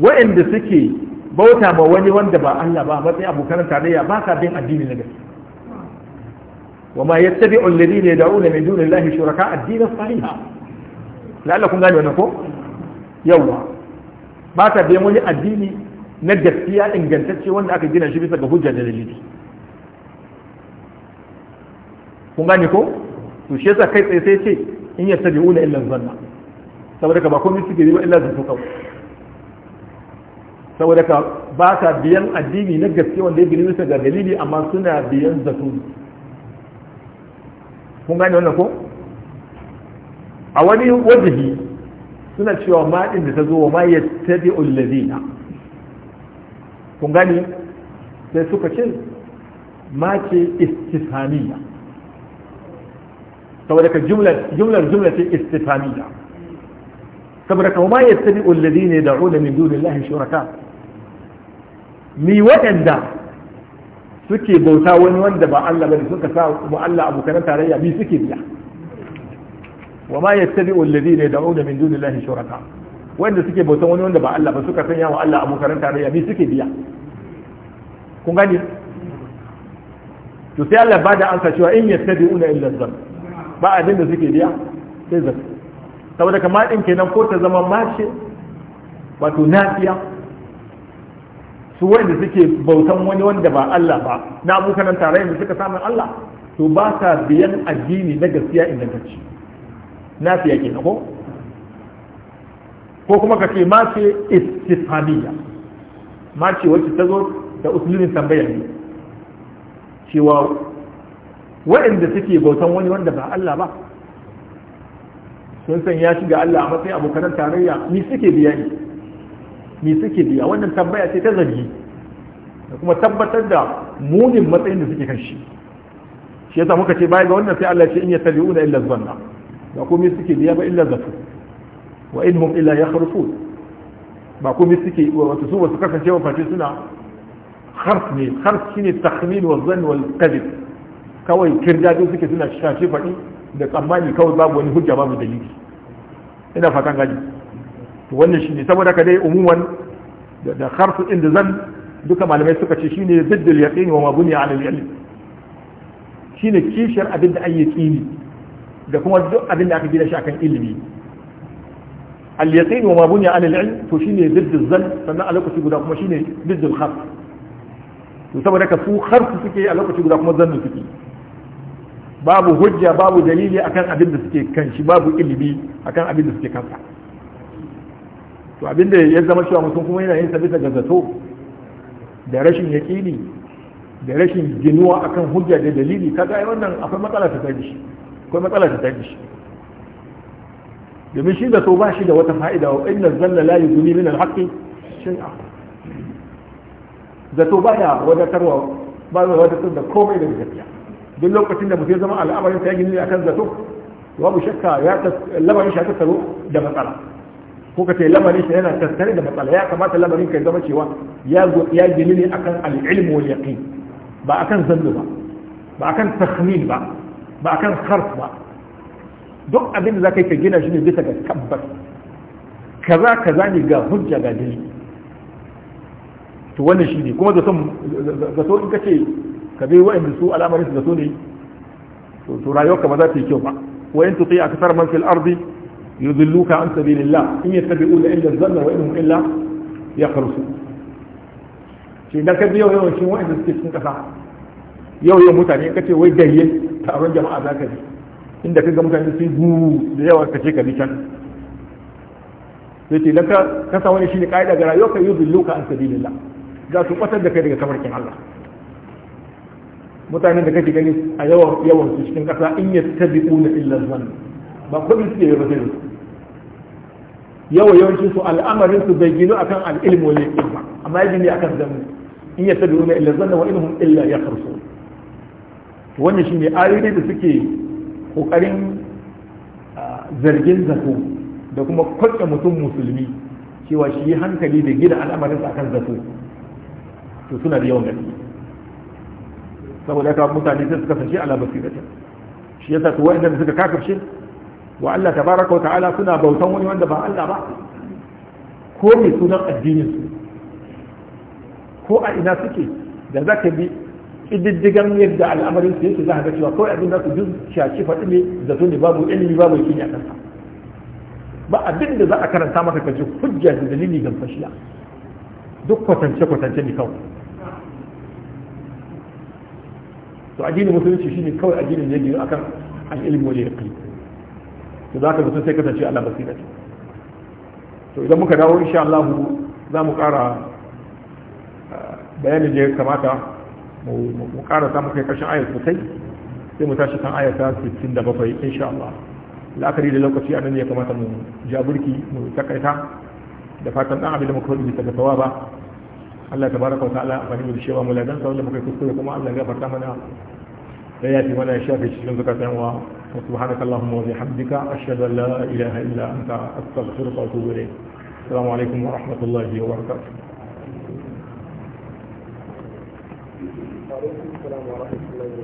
[SPEAKER 1] wa'anda suke bauta ma wani wanda ba Allah ba matsayin abokan tarayya ba ka bin addini na gaske wa ma yattabi'u ya da'una min dunillahi shuraka ad-din as-sahih la'alla kun gani wannan ko yawa ba ta bayan wani addini na gaskiya ingantacce wanda aka gina shi bisa ga hujja da dalili kun gane ko to shi yasa kai tsaye sai ce in yasta tabi una illa zanna saboda ka ba komai suke yi ba illa zanna kawai saboda ka ba ta biyan addini na gaske wanda ya gina bisa ga dalili amma suna biyan zato kun gane wannan ko a wani wajihi suna cewa ma din da ta zo wa ma yattabi'u alladhina kun gani sai suka ce ma ce istifamiya saboda ka jumlar jumlar ce istifamiya saboda ka ma yattabi'u alladhina yad'una min dunillahi shuraka ni waɗanda suke bauta wani wanda ba Allah bane suka sa mu Allah abokan tarayya bi suke biya wa ma yattabi'u alladhina yad'una min dunillahi shuraka wanda suke bautan wani wanda ba Allah ba suka sanya wa Allah abokan tarayya bi suke biya kun gani to sai Allah ba da ansa cewa in yattabi'una illa zan. ba abin da suke biya sai zan saboda kamar din kenan ko ta zama mace wato nafiya su wanda suke bautan wani wanda ba Allah ba na abokan tarayya da suka samu Allah to ba sa biyan addini na gaskiya ingantacce lafiya ke ko ko kuma ka ce ma ce istifamiya ma ce wacce ta zo da usulunin tambayar ne cewa waɗanda suke bautan wani wanda ba Allah ba sun san ya shiga Allah a matsayin abokanar tarayya ni suke biya ne ni suke biya wannan tambaya ce ta zargi da kuma tabbatar da munin matsayin da suke kan shi shi yasa muka ce baya ga wannan sai Allah ce in yattabi'una illa zanna ba komai suke biya ba illa zafu wa in hum illa yakhrufun ba komai suke wato su wasu kasance wa fati suna harf ne harf shine takhmin wa zann wal kadhib kawai kirjaju suke suna shafi fadi da tsammani kawai babu wani hujja babu dalili ina fatan gaji to wannan shine saboda ka dai umuman da harf din da zan duka malamai suka ce shine ziddul yaqini wa ma buniya ala al-ilm shine kishar abin da ayyaki ne da kuma duk abin da aka gina shi akan ilimi al-yaqin wa ma bunya ala al-ilm to shine ziddu zal sannan a lokaci guda kuma shine ziddu khaf to saboda ka su harfu suke a lokaci guda kuma zannin suke babu hujja babu dalili akan abin da suke kan shi babu ilimi akan abin da suke sa to abin da ya zama cewa mutum kuma yana yin sa bisa gazzato da rashin yaqini da rashin ginuwa akan hujja da dalili kaga ai wannan akwai matsala ta tare shi akwai matsala ta tafi shi domin shi zato ba shi da wata fa'ida wa inna zanna la yuzuni min al-haqqi shay'a zato baya ya wadatarwa ba ya wadatar da komai da gaskiya duk lokacin da mutum zama al'amarin sa ya gini akan zato babu shakka ya lamarin shi ya tattaro da matsala ko ka ce lamarin shi yana tattare da matsala ya kamata lamarin ka zama cewa ya gini ne akan al'ilmu ilm wal yaqin ba akan zanna ba ba akan takhmin ba ba a kan sarf ba duk abin da za ka yi ka gina shi ne bisa ga tabbas kaza kaza ne ga hujja ga dalili to wannan shi ne kuma zato in ka ce ka bi wa'anda su al'amarin su zato ne to rayuwarka ba za ta yi kyau ba wa in tuti akthar man fil ardi yudilluka an sabilillah in yattabi'una illa dhanna wa innahum illa yakhrusun shi da ka biyo yawan shi wa'anda suke cikin kasa yau yau mutane ka ce wai gayye taron jama'a za ka ji inda ka ga mutane sun gu da yawa ka ce ka bishan can sai ce idan ka sa wani shine kaida ga rayuwa ka yi billuka an sabilillah za su kwatar da kai daga tafarkin Allah mutanen da kake gani a yawan yawan su cikin kasa in yattabi'una illa zann ba kudin su ke ba sai yawa yawancin su al'amarin su bai gino akan al'ilmu ne amma ya gini akan zan in yattabi'una illa zann wa illar illa yakhrusun wannan ne ayoyi da suke kokarin zargin zato da kuma kwatsa mutum musulmi cewa shi yi hankali da gina al'amarin akan zato to suna da yawan gaske saboda ka mutane sai su kasance ala ta shi yasa to wa'anda suka kafirce wa Allah tabaraka wa ta'ala suna bautan wani wanda ba Allah ba ko mai sunan addinin su ko a ina suke da zaka bi ƙididdigan yadda al'amarin su yake za a ga cewa kawai abin da ku duk shaci faɗi ne zato ne babu ilimi babu yakin ya kansa ba abin da za a karanta maka ka ji hujja da dalili gamsashiya duk kwatance kwatance ne kawai to addinin musulunci shine kawai addinin da yake akan al-ilmu wal yaqin to za zaka ga sai kasance Allah basira to idan muka dawo insha Allah za mu ƙara eh, bayanin da ya kamata mu karasa muka kai ƙarshen ayar sosai sai mu tashi kan ayata 67 insha Allah la'akari da lokaci a nan ya kamata mu jaburki mu takaita da fatan dan abin da muka rubuta daga tawaba Allah tabaraka wa ta'ala a fahimta cewa mu ladan sa wanda muka kuskure kuma Allah ya gafarta mana da yafi mana ya shafe cikin zakatan wa subhanaka allahumma wa bihamdika ashhadu an عليكم السلام
[SPEAKER 3] ورحمة الله وبركاته